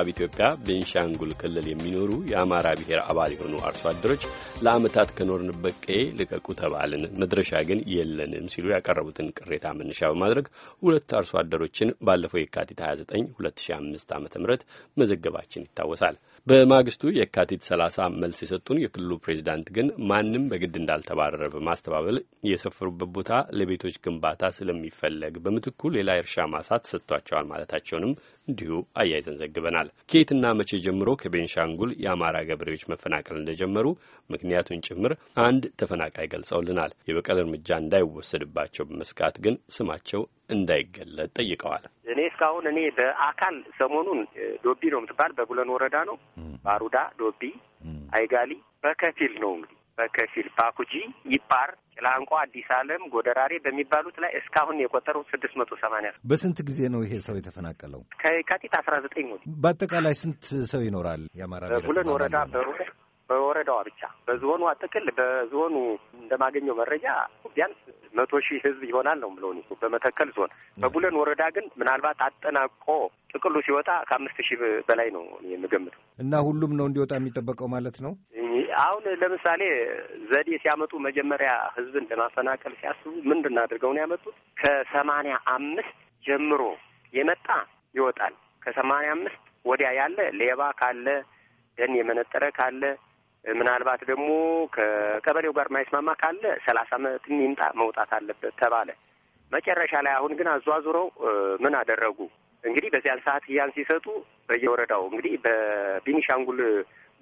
ምዕራብ ኢትዮጵያ ቤንሻንጉል ክልል የሚኖሩ የአማራ ብሔር አባል የሆኑ አርሶ አደሮች ለአመታት ከኖርንበት ቀዬ ልቀቁ ተባልን፣ መድረሻ ግን የለንም ሲሉ ያቀረቡትን ቅሬታ መነሻ በማድረግ ሁለት አርሶ አደሮችን ባለፈው የካቲት 29 2005 ዓ ም መዘገባችን ይታወሳል። በማግስቱ የካቲት 30 መልስ የሰጡን የክልሉ ፕሬዚዳንት ግን ማንም በግድ እንዳልተባረረ በማስተባበል የሰፈሩበት ቦታ ለቤቶች ግንባታ ስለሚፈለግ በምትኩ ሌላ የእርሻ ማሳ ተሰጥቷቸዋል ማለታቸውንም እንዲሁ አያይዘን ዘግበናል። ከየትና መቼ ጀምሮ ከቤንሻንጉል የአማራ ገበሬዎች መፈናቀል እንደጀመሩ ምክንያቱን ጭምር አንድ ተፈናቃይ ገልጸውልናል። የበቀል እርምጃ እንዳይወሰድባቸው በመስጋት ግን ስማቸው እንዳይገለጥ ጠይቀዋል። እኔ እስካሁን እኔ በአካል ሰሞኑን ዶቢ ነው የምትባል በጉለን ወረዳ ነው ባሩዳ ዶቢ አይጋሊ በከፊል ነው እንግዲህ በከፊል ባኩጂ፣ ይፓር፣ ጭላንቆ፣ አዲስ ዓለም፣ ጎደራሬ በሚባሉት ላይ እስካሁን የቆጠሩት ስድስት መቶ ሰማንያ በስንት ጊዜ ነው ይሄ ሰው የተፈናቀለው? ከየካቲት አስራ ዘጠኝ ወዲህ በአጠቃላይ ስንት ሰው ይኖራል? የአማራ ቡለን ወረዳ በወረዳዋ ብቻ በዞኑ አጠቅል በዞኑ እንደማገኘው መረጃ ቢያንስ መቶ ሺህ ህዝብ ይሆናል ነው ብለው በመተከል ዞን በቡለን ወረዳ ግን ምናልባት አጠናቆ ጥቅሉ ሲወጣ ከአምስት ሺህ በላይ ነው የምገምተው። እና ሁሉም ነው እንዲወጣ የሚጠበቀው ማለት ነው። አሁን ለምሳሌ ዘዴ ሲያመጡ መጀመሪያ ህዝብን ለማፈናቀል ሲያስቡ ምንድን አድርገው ነው ያመጡት? ከሰማንያ አምስት ጀምሮ የመጣ ይወጣል። ከሰማንያ አምስት ወዲያ ያለ ሌባ ካለ ደን የመነጠረ ካለ ምናልባት ደግሞ ከቀበሌው ጋር ማይስማማ ካለ ሰላሳ ዓመትም ይምጣ መውጣት አለበት ተባለ። መጨረሻ ላይ አሁን ግን አዟዙረው ምን አደረጉ? እንግዲህ በዚያን ሰዓት እያን ሲሰጡ በየወረዳው እንግዲህ በቢኒሻንጉል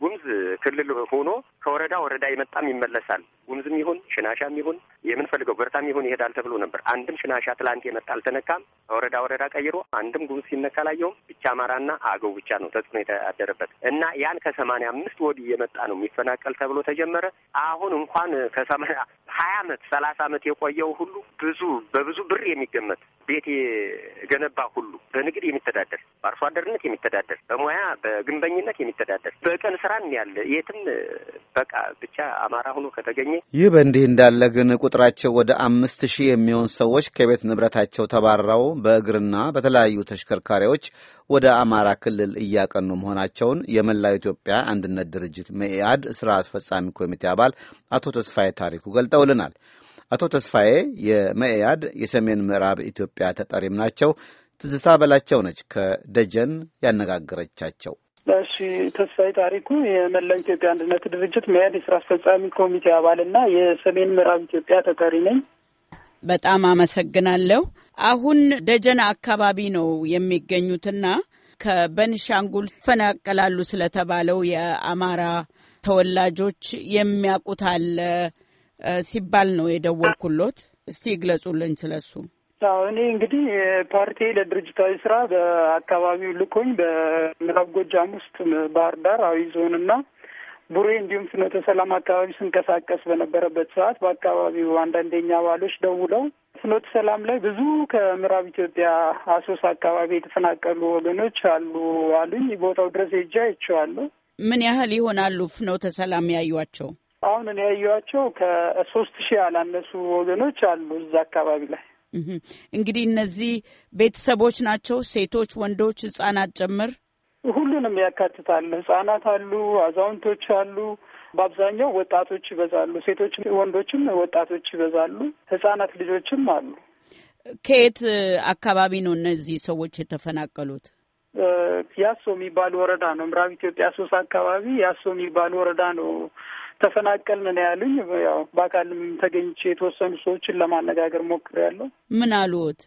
ጉምዝ ክልል ሆኖ ከወረዳ ወረዳ የመጣም ይመለሳል። ጉምዝም ይሁን ሽናሻም ይሁን የምንፈልገው በርታም ይሁን ይሄዳል ተብሎ ነበር። አንድም ሽናሻ ትላንት የመጣ አልተነካም። ከወረዳ ወረዳ ቀይሮ አንድም ጉምዝ ሲነካ ላየውም። ብቻ አማራና አገው ብቻ ነው ተጽዕኖ የተደረበት እና ያን ከሰማንያ አምስት ወዲህ የመጣ ነው የሚፈናቀል ተብሎ ተጀመረ። አሁን እንኳን ከሰማንያ ሀያ አመት ሰላሳ አመት የቆየው ሁሉ ብዙ በብዙ ብር የሚገመት ቤት የገነባ ሁሉ በንግድ የሚተዳደር በአርሶ አደርነት የሚተዳደር በሙያ በግንበኝነት የሚተዳደር በቀን ስራም ያለ የትም በቃ ብቻ አማራ ሆኖ ከተገኘ። ይህ በእንዲህ እንዳለ ግን ቁጥራቸው ወደ አምስት ሺህ የሚሆን ሰዎች ከቤት ንብረታቸው ተባረው በእግርና በተለያዩ ተሽከርካሪዎች ወደ አማራ ክልል እያቀኑ መሆናቸውን የመላው ኢትዮጵያ አንድነት ድርጅት መኢአድ ስራ አስፈጻሚ ኮሚቴ አባል አቶ ተስፋዬ ታሪኩ ገልጠውልናል። አቶ ተስፋዬ የመኢአድ የሰሜን ምዕራብ ኢትዮጵያ ተጠሪም ናቸው። ትዝታ በላቸው ነች ከደጀን ያነጋገረቻቸው። እሺ ተስፋዬ ታሪኩ የመላው ኢትዮጵያ አንድነት ድርጅት መያድ የስራ አስፈጻሚ ኮሚቴ አባልና የሰሜን ምዕራብ ኢትዮጵያ ተጠሪ ነኝ። በጣም አመሰግናለሁ። አሁን ደጀና አካባቢ ነው የሚገኙትና ከበንሻንጉል ፈናቀላሉ ስለተባለው የአማራ ተወላጆች የሚያውቁት አለ ሲባል ነው የደወልኩሎት። እስቲ ይግለጹልኝ ስለሱ። አዎ እኔ እንግዲህ ፓርቲ ለድርጅታዊ ስራ በአካባቢው ልኮኝ በምዕራብ ጎጃም ውስጥ ባህር ዳር አዊ ዞንና ቡሬ እንዲሁም ፍኖተ ሰላም አካባቢ ስንቀሳቀስ በነበረበት ሰዓት በአካባቢው አንዳንደኛ አባሎች ደውለው ፍኖተ ሰላም ላይ ብዙ ከምዕራብ ኢትዮጵያ አሶስ አካባቢ የተፈናቀሉ ወገኖች አሉ አሉኝ። ቦታው ድረስ ሄጄ አይቼዋለሁ። ምን ያህል ይሆናሉ ፍኖተ ሰላም ያዩቸው? አሁን እኔ ከሶስት ሺህ ያላነሱ ወገኖች አሉ እዛ አካባቢ ላይ እንግዲህ እነዚህ ቤተሰቦች ናቸው፣ ሴቶች፣ ወንዶች፣ ህጻናት ጭምር ሁሉንም ያካትታል። ህጻናት አሉ፣ አዛውንቶች አሉ። በአብዛኛው ወጣቶች ይበዛሉ። ሴቶች፣ ወንዶችም ወጣቶች ይበዛሉ። ህጻናት ልጆችም አሉ። ከየት አካባቢ ነው እነዚህ ሰዎች የተፈናቀሉት? ያሶ የሚባል ወረዳ ነው። ምዕራብ ኢትዮጵያ ሶስት አካባቢ ያሶ የሚባል ወረዳ ነው ተፈናቀልን ነው ያሉኝ። ያው በአካልም ተገኝቼ የተወሰኑ ሰዎችን ለማነጋገር ሞክሬያለሁ። ምን አሉት?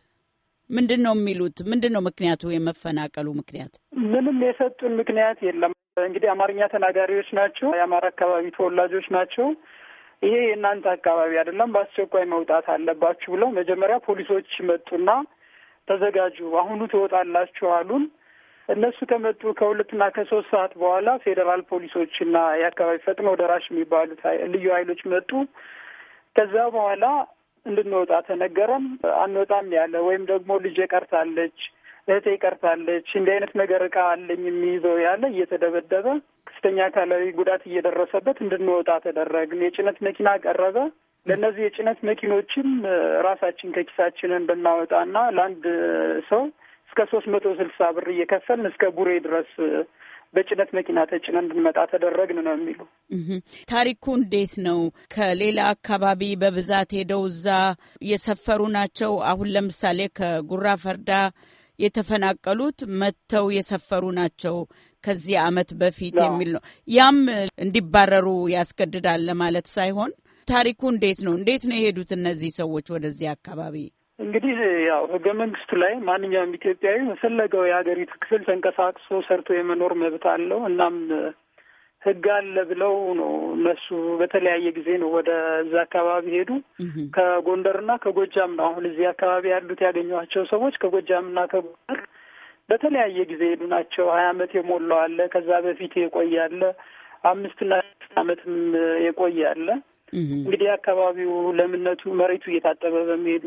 ምንድን ነው የሚሉት? ምንድን ነው ምክንያቱ? የመፈናቀሉ ምክንያት ምንም የሰጡን ምክንያት የለም። እንግዲህ አማርኛ ተናጋሪዎች ናቸው። የአማራ አካባቢ ተወላጆች ናቸው። ይሄ የእናንተ አካባቢ አይደለም፣ በአስቸኳይ መውጣት አለባችሁ ብለው መጀመሪያ ፖሊሶች መጡና ተዘጋጁ፣ አሁኑ ትወጣላችሁ አሉን። እነሱ ከመጡ ከሁለትና ከሶስት ሰዓት በኋላ ፌዴራል ፖሊሶች እና የአካባቢ ፈጥኖ ደራሽ የሚባሉት ልዩ ኃይሎች መጡ። ከዛ በኋላ እንድንወጣ ተነገረን። አንወጣም ያለ ወይም ደግሞ ልጄ ቀርታለች፣ እህቴ ቀርታለች፣ እንዲህ አይነት ነገር እቃ አለኝ የሚይዘው ያለ እየተደበደበ ከፍተኛ አካላዊ ጉዳት እየደረሰበት እንድንወጣ ተደረግን። የጭነት መኪና ቀረበ። ለእነዚህ የጭነት መኪኖችም ራሳችን ከኪሳችን እንድናወጣ ብናወጣና ለአንድ ሰው እስከ ሶስት መቶ ስልሳ ብር እየከፈልን እስከ ቡሬ ድረስ በጭነት መኪና ተጭነ እንድንመጣ ተደረግን ነው የሚሉ። ታሪኩ እንዴት ነው? ከሌላ አካባቢ በብዛት ሄደው እዛ የሰፈሩ ናቸው? አሁን ለምሳሌ ከጉራ ፈርዳ የተፈናቀሉት መጥተው የሰፈሩ ናቸው ከዚህ ዓመት በፊት የሚል ነው። ያም እንዲባረሩ ያስገድዳል ለማለት ሳይሆን ታሪኩ እንዴት ነው? እንዴት ነው የሄዱት እነዚህ ሰዎች ወደዚህ አካባቢ? እንግዲህ ያው ህገ መንግስቱ ላይ ማንኛውም ኢትዮጵያዊ በፈለገው የሀገሪቱ ክፍል ተንቀሳቅሶ ሰርቶ የመኖር መብት አለው። እናም ህግ አለ ብለው ነው እነሱ በተለያየ ጊዜ ነው ወደ እዛ አካባቢ ሄዱ። ከጎንደርና ከጎጃም ነው አሁን እዚህ አካባቢ ያሉት ያገኟቸው ሰዎች ከጎጃምና ከጎንደር በተለያየ ጊዜ ሄዱ ናቸው። ሀያ አመት የሞላው አለ፣ ከዛ በፊት የቆያለ አምስትና ስድስት አመትም የቆያለ እንግዲህ አካባቢው ለምነቱ መሬቱ እየታጠበ በሚሄዱ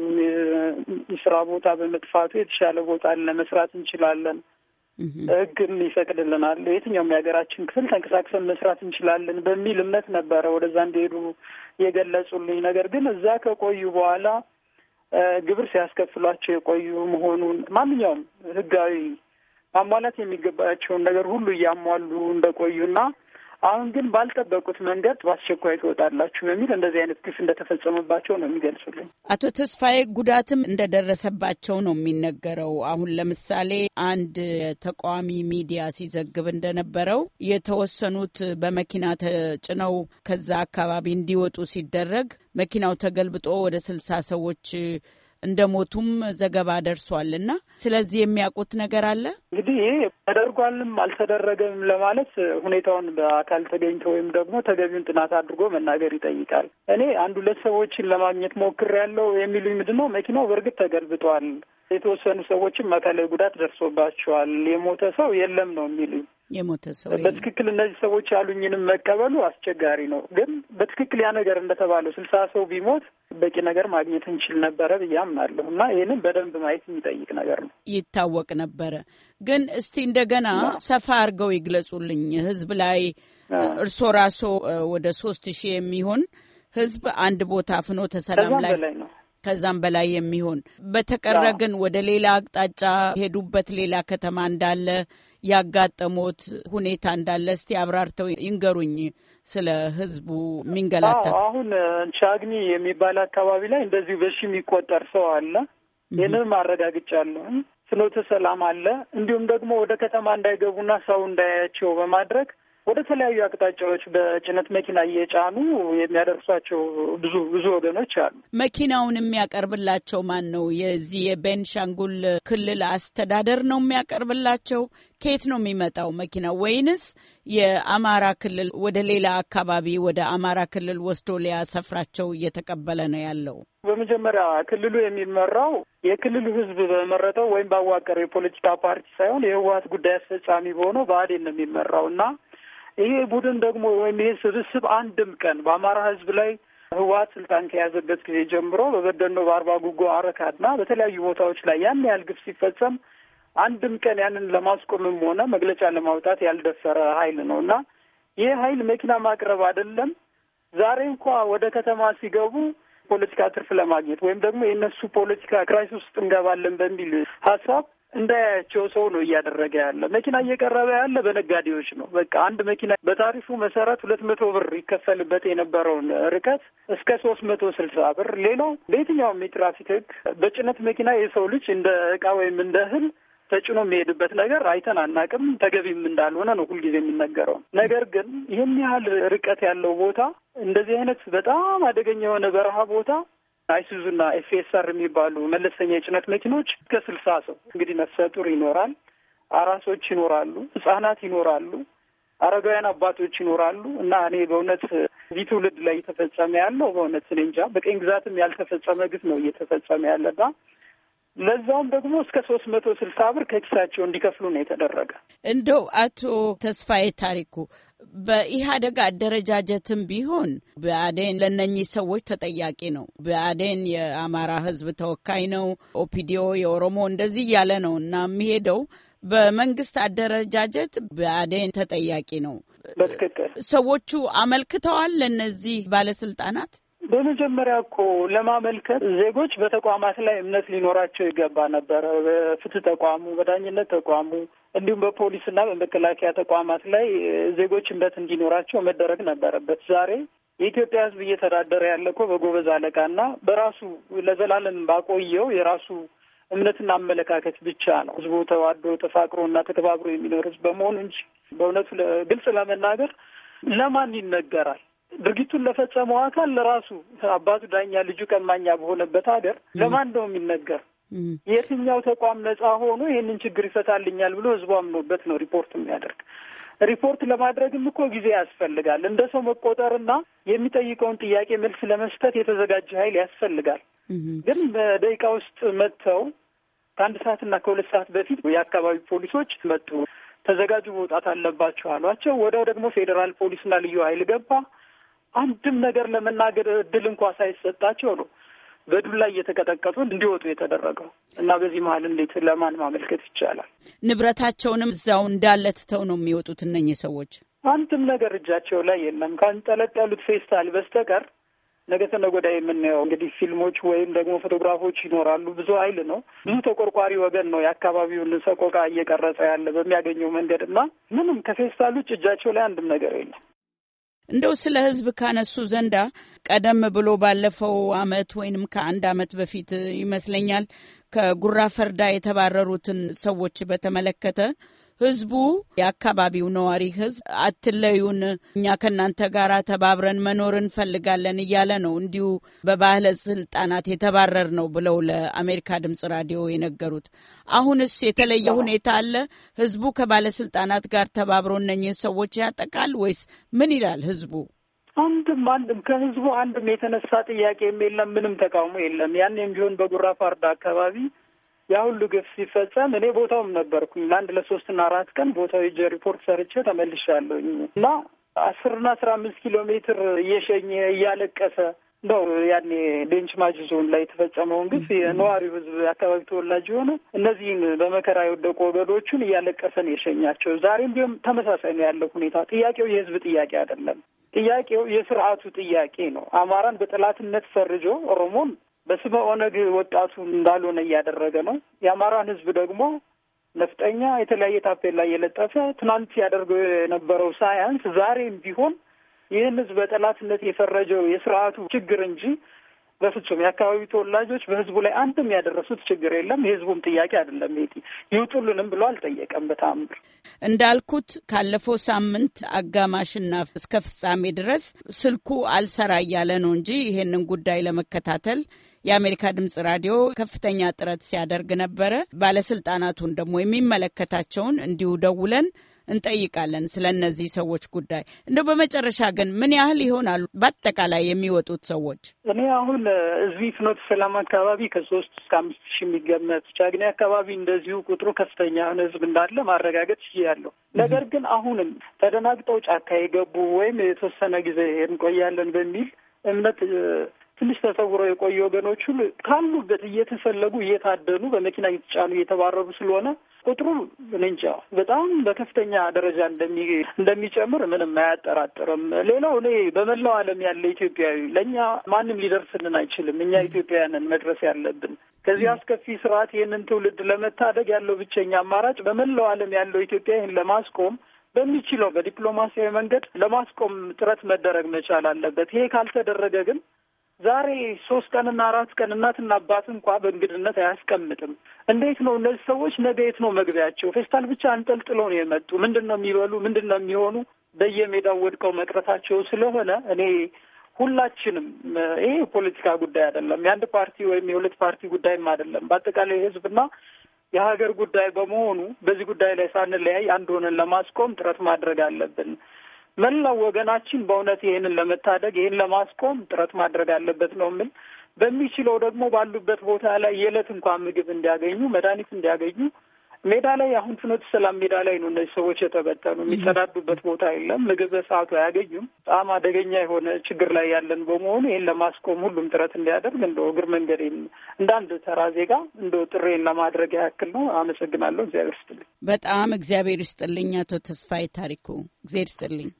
ስራ ቦታ በመጥፋቱ የተሻለ ቦታ ለመስራት እንችላለን። ህግ ይፈቅድልናል። የትኛውም የሀገራችን ክፍል ተንቀሳቅሰን መስራት እንችላለን በሚል እምነት ነበረ ወደዛ እንዲሄዱ የገለጹልኝ። ነገር ግን እዛ ከቆዩ በኋላ ግብር ሲያስከፍሏቸው የቆዩ መሆኑን ማንኛውም ህጋዊ ማሟላት የሚገባቸውን ነገር ሁሉ እያሟሉ እንደቆዩና አሁን ግን ባልጠበቁት መንገድ በአስቸኳይ ትወጣላችሁ በሚል እንደዚህ አይነት ግፍ እንደተፈጸመባቸው ነው የሚገልጹልኝ። አቶ ተስፋዬ ጉዳትም እንደደረሰባቸው ነው የሚነገረው። አሁን ለምሳሌ አንድ ተቃዋሚ ሚዲያ ሲዘግብ እንደነበረው የተወሰኑት በመኪና ተጭነው ከዛ አካባቢ እንዲወጡ ሲደረግ መኪናው ተገልብጦ ወደ ስልሳ ሰዎች እንደሞቱም ዘገባ ደርሷልና ስለዚህ የሚያውቁት ነገር አለ። እንግዲህ ይህ ተደርጓልም አልተደረገም ለማለት ሁኔታውን በአካል ተገኝቶ ወይም ደግሞ ተገቢውን ጥናት አድርጎ መናገር ይጠይቃል። እኔ አንድ ሁለት ሰዎችን ለማግኘት ያለው የሚሉኝ ምንድን ነው መኪናው በእርግጥ ተገልብጧል፣ የተወሰኑ ሰዎችም አካላዊ ጉዳት ደርሶባቸዋል፣ የሞተ ሰው የለም ነው የሚሉኝ የሞተ ሰው በትክክል እነዚህ ሰዎች ያሉኝንም መቀበሉ አስቸጋሪ ነው። ግን በትክክል ያ ነገር እንደተባለው ስልሳ ሰው ቢሞት በቂ ነገር ማግኘት እንችል ነበረ ብዬ አምናለሁ እና ይህንን በደንብ ማየት የሚጠይቅ ነገር ነው። ይታወቅ ነበረ። ግን እስቲ እንደገና ሰፋ አድርገው ይግለጹልኝ ህዝብ ላይ እርስዎ ራሶ ወደ ሶስት ሺህ የሚሆን ህዝብ አንድ ቦታ አፍኖ ተሰላም ላይ ነው ከዛም በላይ የሚሆን በተቀረ ግን ወደ ሌላ አቅጣጫ ሄዱበት ሌላ ከተማ እንዳለ ያጋጠሙት ሁኔታ እንዳለ እስቲ አብራርተው ይንገሩኝ። ስለ ህዝቡ የሚንገላታ አሁን ቻግኒ የሚባል አካባቢ ላይ እንደዚሁ በሺ የሚቆጠር ሰው አለ። ይህንን አረጋግጫለሁ። ፍኖተ ሰላም አለ። እንዲሁም ደግሞ ወደ ከተማ እንዳይገቡና ሰው እንዳያያቸው በማድረግ ወደ ተለያዩ አቅጣጫዎች በጭነት መኪና እየጫኑ የሚያደርሷቸው ብዙ ብዙ ወገኖች አሉ። መኪናውን የሚያቀርብላቸው ማን ነው? የዚህ የቤንሻንጉል ክልል አስተዳደር ነው የሚያቀርብላቸው? ከየት ነው የሚመጣው መኪናው? ወይንስ የአማራ ክልል ወደ ሌላ አካባቢ ወደ አማራ ክልል ወስዶ ሊያሰፍራቸው እየተቀበለ ነው ያለው? በመጀመሪያ ክልሉ የሚመራው የክልሉ ሕዝብ በመረጠው ወይም ባዋቀረው የፖለቲካ ፓርቲ ሳይሆን የህወሀት ጉዳይ አስፈጻሚ በሆነው ብአዴን ነው የሚመራው እና ይሄ ቡድን ደግሞ ወይም ይሄ ስብስብ አንድም ቀን በአማራ ህዝብ ላይ ህወሓት ስልጣን ከያዘበት ጊዜ ጀምሮ በበደኖ በአርባ ጉጎ አረካና በተለያዩ ቦታዎች ላይ ያን ያህል ግፍ ሲፈጸም አንድም ቀን ያንን ለማስቆምም ሆነ መግለጫ ለማውጣት ያልደፈረ ኃይል ነው እና ይህ ኃይል መኪና ማቅረብ አይደለም። ዛሬ እንኳ ወደ ከተማ ሲገቡ ፖለቲካ ትርፍ ለማግኘት ወይም ደግሞ የእነሱ ፖለቲካ ክራይስ ውስጥ እንገባለን በሚል ሀሳብ እንዳያያቸው ሰው ነው እያደረገ ያለ። መኪና እየቀረበ ያለ በነጋዴዎች ነው። በቃ አንድ መኪና በታሪፉ መሰረት ሁለት መቶ ብር ይከፈልበት የነበረውን ርቀት እስከ ሶስት መቶ ስልሳ ብር ሌላው በየትኛውም የትራፊክ ሕግ በጭነት መኪና የሰው ልጅ እንደ እቃ ወይም እንደ እህል ተጭኖ የሚሄድበት ነገር አይተን አናቅም። ተገቢም እንዳልሆነ ነው ሁልጊዜ የሚነገረው። ነገር ግን ይህን ያህል ርቀት ያለው ቦታ እንደዚህ አይነት በጣም አደገኛ የሆነ በረሃ ቦታ አይሱዙ እና ኤፍኤስአር የሚባሉ መለስተኛ የጭነት መኪኖች እስከ ስልሳ ሰው እንግዲህ መሰጡር ይኖራል፣ አራሶች ይኖራሉ፣ ህጻናት ይኖራሉ፣ አረጋውያን አባቶች ይኖራሉ እና እኔ በእውነት እዚህ ትውልድ ላይ እየተፈጸመ ያለው በእውነት እኔ እንጃ በቀኝ ግዛትም ያልተፈጸመ ግፍ ነው እየተፈጸመ ያለና ለዛውም ደግሞ እስከ ሶስት መቶ ስልሳ ብር ከኪሳቸው እንዲከፍሉ ነው የተደረገ። እንደው አቶ ተስፋዬ ታሪኩ በኢህአደግ አደረጃጀትም ቢሆን ብአዴን ለነኚህ ሰዎች ተጠያቂ ነው። ብአዴን የአማራ ህዝብ ተወካይ ነው፣ ኦፒዲዮ የኦሮሞ እንደዚህ እያለ ነው እና የሚሄደው በመንግስት አደረጃጀት ብአዴን ተጠያቂ ነው። በትክክል ሰዎቹ አመልክተዋል ለእነዚህ ባለስልጣናት በመጀመሪያ እኮ ለማመልከት ዜጎች በተቋማት ላይ እምነት ሊኖራቸው ይገባ ነበረ። በፍትህ ተቋሙ፣ በዳኝነት ተቋሙ እንዲሁም በፖሊስና በመከላከያ ተቋማት ላይ ዜጎች እምነት እንዲኖራቸው መደረግ ነበረበት። ዛሬ የኢትዮጵያ ሕዝብ እየተዳደረ ያለ እኮ በጎበዝ አለቃና በራሱ ለዘላለም ባቆየው የራሱ እምነትና አመለካከት ብቻ ነው። ህዝቡ ተዋዶ ተፋቅሮና ተከባብሮ የሚኖር ህዝብ በመሆኑ እንጂ በእውነቱ ግልጽ ለመናገር ለማን ይነገራል? ድርጊቱን ለፈጸመው አካል ለራሱ አባቱ ዳኛ፣ ልጁ ቀማኛ በሆነበት ሀገር ለማን ነው የሚነገር? የትኛው ተቋም ነጻ ሆኖ ይህንን ችግር ይፈታልኛል ብሎ ህዝቡ አምኖበት ነው ሪፖርት የሚያደርግ? ሪፖርት ለማድረግም እኮ ጊዜ ያስፈልጋል። እንደ ሰው መቆጠርና የሚጠይቀውን ጥያቄ መልስ ለመስጠት የተዘጋጀ ኃይል ያስፈልጋል። ግን በደቂቃ ውስጥ መጥተው ከአንድ ሰዓትና ከሁለት ሰዓት በፊት የአካባቢ ፖሊሶች መጡ። ተዘጋጁ፣ መውጣት አለባቸው አሏቸው። ወዲያው ደግሞ ፌዴራል ፖሊስና ልዩ ኃይል ገባ። አንድም ነገር ለመናገር እድል እንኳ ሳይሰጣቸው ነው በዱላ እየተቀጠቀጡ እንዲወጡ የተደረገው እና በዚህ መሀል እንዴት ለማን ማመልከት ይቻላል? ንብረታቸውንም እዛው እንዳለ ትተው ነው የሚወጡት እነኚህ ሰዎች። አንድም ነገር እጃቸው ላይ የለም ካንጠለጠሉት ፌስታል በስተቀር ነገ ተነገ ወዲያ የምናየው እንግዲህ ፊልሞች ወይም ደግሞ ፎቶግራፎች ይኖራሉ። ብዙ ኃይል ነው፣ ብዙ ተቆርቋሪ ወገን ነው የአካባቢውን ሰቆቃ እየቀረጸ ያለ በሚያገኘው መንገድ እና ምንም ከፌስታል ውጭ እጃቸው ላይ አንድም ነገር የለም። እንደው ስለ ህዝብ ካነሱ ዘንዳ ቀደም ብሎ ባለፈው አመት ወይንም ከአንድ አመት በፊት ይመስለኛል ከጉራ ፈርዳ የተባረሩትን ሰዎች በተመለከተ ህዝቡ የአካባቢው ነዋሪ ህዝብ አትለዩን፣ እኛ ከእናንተ ጋር ተባብረን መኖር እንፈልጋለን እያለ ነው እንዲሁ በባለስልጣናት የተባረር ነው ብለው ለአሜሪካ ድምጽ ራዲዮ የነገሩት። አሁንስ የተለየ ሁኔታ አለ? ህዝቡ ከባለስልጣናት ጋር ተባብሮ እነህ ሰዎች ያጠቃል ወይስ ምን ይላል ህዝቡ? አንድም አንድም ከህዝቡ አንድም የተነሳ ጥያቄም የለም፣ ምንም ተቃውሞ የለም። ያኔም ቢሆን በጉራ ፋርዳ አካባቢ ያ ሁሉ ግፍ ሲፈጸም እኔ ቦታውም ነበርኩኝ። ለአንድ ለሶስትና አራት ቀን ቦታው ሄጄ ሪፖርት ሰርቼ ተመልሻለሁኝ እና አስርና አስራ አምስት ኪሎ ሜትር እየሸኘ እያለቀሰ ነው ያኔ ቤንች ማጂ ዞን ላይ የተፈጸመውን ግፍ ነዋሪው ሕዝብ አካባቢ ተወላጅ የሆነ እነዚህን በመከራ የወደቁ ወገዶቹን እያለቀሰ ነው የሸኛቸው። ዛሬም ቢሆን ተመሳሳይ ነው ያለው ሁኔታ። ጥያቄው የሕዝብ ጥያቄ አይደለም። ጥያቄው የስርዓቱ ጥያቄ ነው። አማራን በጠላትነት ፈርጆ ኦሮሞን በስመ ኦነግ ወጣቱ እንዳልሆነ እያደረገ ነው። የአማራን ህዝብ ደግሞ ነፍጠኛ የተለያየ ታፔላ እየለጠፈ ትናንት ያደርገው የነበረው ሳያንስ ዛሬም ቢሆን ይህን ህዝብ በጠላትነት የፈረጀው የስርዓቱ ችግር እንጂ በፍጹም የአካባቢው ተወላጆች በህዝቡ ላይ አንድም ያደረሱት ችግር የለም። የህዝቡም ጥያቄ አይደለም። ይውጡልንም ብሎ አልጠየቀም። በተአምር እንዳልኩት ካለፈው ሳምንት አጋማሽና እስከ ፍጻሜ ድረስ ስልኩ አልሰራ እያለ ነው እንጂ ይሄንን ጉዳይ ለመከታተል የአሜሪካ ድምጽ ራዲዮ ከፍተኛ ጥረት ሲያደርግ ነበረ። ባለስልጣናቱን ደግሞ የሚመለከታቸውን እንዲሁ ደውለን እንጠይቃለን ስለ እነዚህ ሰዎች ጉዳይ። እንደው በመጨረሻ ግን ምን ያህል ይሆናሉ በአጠቃላይ የሚወጡት ሰዎች? እኔ አሁን እዚህ ፍኖተ ሰላም አካባቢ ከሶስት እስከ አምስት ሺህ የሚገመት ቻግኒ አካባቢ እንደዚሁ ቁጥሩ ከፍተኛ ህዝብ እንዳለ ማረጋገጥ ችያለሁ። ነገር ግን አሁንም ተደናግጠው ጫካ የገቡ ወይም የተወሰነ ጊዜ እንቆያለን በሚል እምነት ትንሽ ተሰውረው የቆዩ ወገኖች ሁሉ ካሉበት እየተፈለጉ እየታደኑ በመኪና እየተጫኑ እየተባረሩ ስለሆነ ቁጥሩ እንጃ በጣም በከፍተኛ ደረጃ እንደሚጨምር ምንም አያጠራጥርም። ሌላው እኔ በመላው ዓለም ያለ ኢትዮጵያዊ ለእኛ ማንም ሊደርስልን አይችልም። እኛ ኢትዮጵያውያንን መድረስ ያለብን ከዚህ አስከፊ ስርዓት ይህንን ትውልድ ለመታደግ ያለው ብቸኛ አማራጭ በመላው ዓለም ያለው ኢትዮጵያ ይህን ለማስቆም በሚችለው በዲፕሎማሲያዊ መንገድ ለማስቆም ጥረት መደረግ መቻል አለበት። ይሄ ካልተደረገ ግን ዛሬ ሶስት ቀንና አራት ቀን እናትና አባት እንኳ በእንግድነት አያስቀምጥም። እንዴት ነው እነዚህ ሰዎች ነገ የት ነው መግቢያቸው? ፌስታል ብቻ አንጠልጥለው ነው የመጡ። ምንድን ነው የሚበሉ? ምንድን ነው የሚሆኑ? በየሜዳው ወድቀው መቅረታቸው ስለሆነ እኔ ሁላችንም ይሄ የፖለቲካ ጉዳይ አይደለም፣ የአንድ ፓርቲ ወይም የሁለት ፓርቲ ጉዳይም አይደለም። በአጠቃላይ የህዝብና የሀገር ጉዳይ በመሆኑ በዚህ ጉዳይ ላይ ሳንለያይ አንድ ሆነን ለማስቆም ጥረት ማድረግ አለብን። መላው ወገናችን በእውነት ይህንን ለመታደግ ይህን ለማስቆም ጥረት ማድረግ አለበት ነው የምል። በሚችለው ደግሞ ባሉበት ቦታ ላይ የዕለት እንኳን ምግብ እንዲያገኙ፣ መድኃኒት እንዲያገኙ ሜዳ ላይ አሁን ፍኖተ ሰላም ሜዳ ላይ ነው እነዚህ ሰዎች የተበተኑ። የሚሰዳዱበት ቦታ የለም። ምግብ በሰዓቱ አያገኙም። በጣም አደገኛ የሆነ ችግር ላይ ያለን በመሆኑ ይህን ለማስቆም ሁሉም ጥረት እንዲያደርግ እንደ እግር መንገድ እንደ አንድ ተራ ዜጋ እንደ ጥሬን ለማድረግ ያክል ነው። አመሰግናለሁ። እግዚአብሔር ይስጥልኝ። በጣም እግዚአብሔር ይስጥልኝ። አቶ ተስፋዬ ታሪኩ እግዚአብሔር ይስጥልኝ።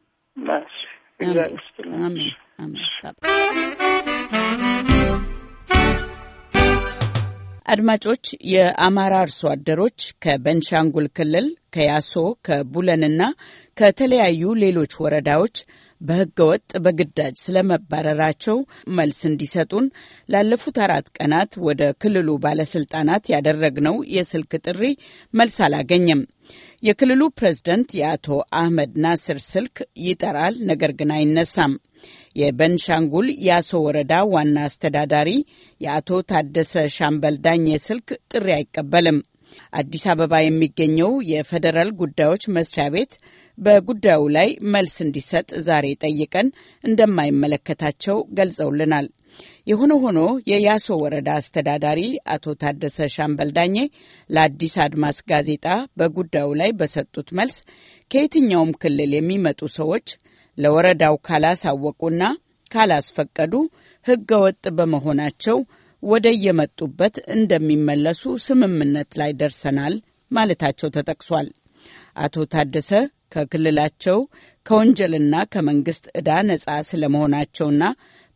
አድማጮች የአማራ አርሶ አደሮች ከበንሻንጉል ክልል ከያሶ ከቡለንና ከተለያዩ ሌሎች ወረዳዎች በህገወጥ በግዳጅ ስለመባረራቸው መልስ እንዲሰጡን ላለፉት አራት ቀናት ወደ ክልሉ ባለስልጣናት ያደረግነው የስልክ ጥሪ መልስ አላገኘም። የክልሉ ፕሬዝደንት የአቶ አህመድ ናስር ስልክ ይጠራል፣ ነገር ግን አይነሳም። የበንሻንጉል ያሶ ወረዳ ዋና አስተዳዳሪ የአቶ ታደሰ ሻምበል ዳኜ ስልክ ጥሪ አይቀበልም። አዲስ አበባ የሚገኘው የፌዴራል ጉዳዮች መስሪያ ቤት በጉዳዩ ላይ መልስ እንዲሰጥ ዛሬ ጠይቀን እንደማይመለከታቸው ገልጸውልናል። የሆነ ሆኖ የያሶ ወረዳ አስተዳዳሪ አቶ ታደሰ ዳኜ ለአዲስ አድማስ ጋዜጣ በጉዳዩ ላይ በሰጡት መልስ ከየትኛውም ክልል የሚመጡ ሰዎች ለወረዳው ካላሳወቁና ካላስፈቀዱ ሕገ ወጥ በመሆናቸው ወደ የመጡበት እንደሚመለሱ ስምምነት ላይ ደርሰናል ማለታቸው ተጠቅሷል። አቶ ታደሰ ከክልላቸው ከወንጀልና ከመንግስት ዕዳ ነጻ ስለመሆናቸውና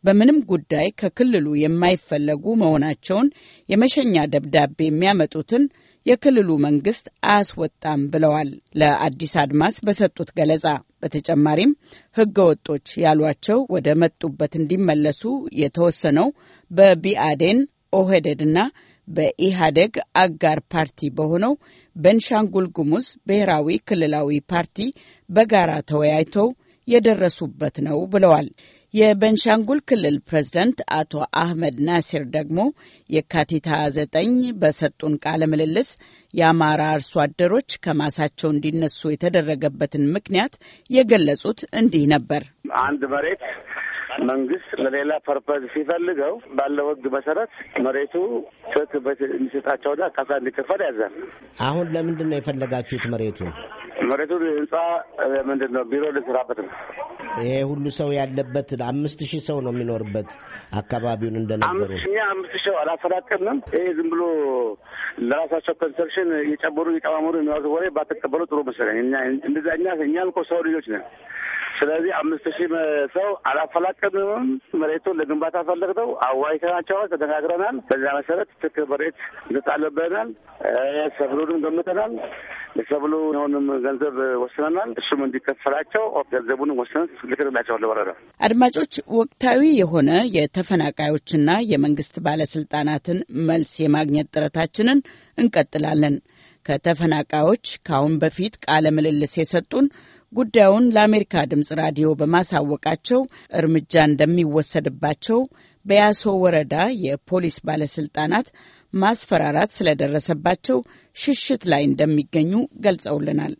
በምንም ጉዳይ ከክልሉ የማይፈለጉ መሆናቸውን የመሸኛ ደብዳቤ የሚያመጡትን የክልሉ መንግስት አያስወጣም ብለዋል። ለአዲስ አድማስ በሰጡት ገለጻ በተጨማሪም ህገ ወጦች ያሏቸው ወደ መጡበት እንዲመለሱ የተወሰነው በቢአዴን ኦህዴድና በኢህአዴግ አጋር ፓርቲ በሆነው በንሻንጉል ጉሙዝ ብሔራዊ ክልላዊ ፓርቲ በጋራ ተወያይተው የደረሱበት ነው ብለዋል። የበንሻንጉል ክልል ፕሬዝዳንት አቶ አህመድ ናሲር ደግሞ የካቲት 29 በሰጡን ቃለ ምልልስ የአማራ አርሶ አደሮች ከማሳቸው እንዲነሱ የተደረገበትን ምክንያት የገለጹት እንዲህ ነበር። አንድ መሬት መንግስት ለሌላ ፐርፐዝ ሲፈልገው ባለው ህግ መሰረት መሬቱ ትክ እንዲሰጣቸውና ካሳ እንዲከፈል ያዛል። አሁን ለምንድን ነው የፈለጋችሁት መሬቱን? መሬቱ ህንፃ ምንድን ነው ቢሮ ልንሰራበት ነው። ይሄ ሁሉ ሰው ያለበት አምስት ሺህ ሰው ነው የሚኖርበት አካባቢውን እንደነበሩ እኛ አምስት ሺህ አላፈላቀምም። ይሄ ዝም ብሎ ለራሳቸው ኮንስትራክሽን እየጨመሩ እየጨማመሩ የሚያዙ ወሬ ባትቀበሉ ጥሩ መሰለኝ። እንደዛ እኛ እኛ እኮ ሰው ልጆች ነን ስለዚህ አምስት ሺህ ሰው አላፈላቀምም። መሬቱን ለግንባታ ፈለግተው አዋይተናቸዋል፣ ተነጋግረናል። በዚያ መሰረት ትክክል መሬት እንሰጣለበናል። ሰብሉንም ገምተናል። ለሰብሉ የሆንም ገንዘብ ወስነናል። እሱም እንዲከፈላቸው ገንዘቡን ወስነን ልክርላቸዋል። ለወረዳ አድማጮች፣ ወቅታዊ የሆነ የተፈናቃዮችና የመንግስት ባለስልጣናትን መልስ የማግኘት ጥረታችንን እንቀጥላለን። ከተፈናቃዮች ከአሁን በፊት ቃለ ምልልስ የሰጡን ጉዳዩን ለአሜሪካ ድምፅ ራዲዮ በማሳወቃቸው እርምጃ እንደሚወሰድባቸው በያሶ ወረዳ የፖሊስ ባለስልጣናት ማስፈራራት ስለደረሰባቸው ሽሽት ላይ እንደሚገኙ ገልጸውልናል።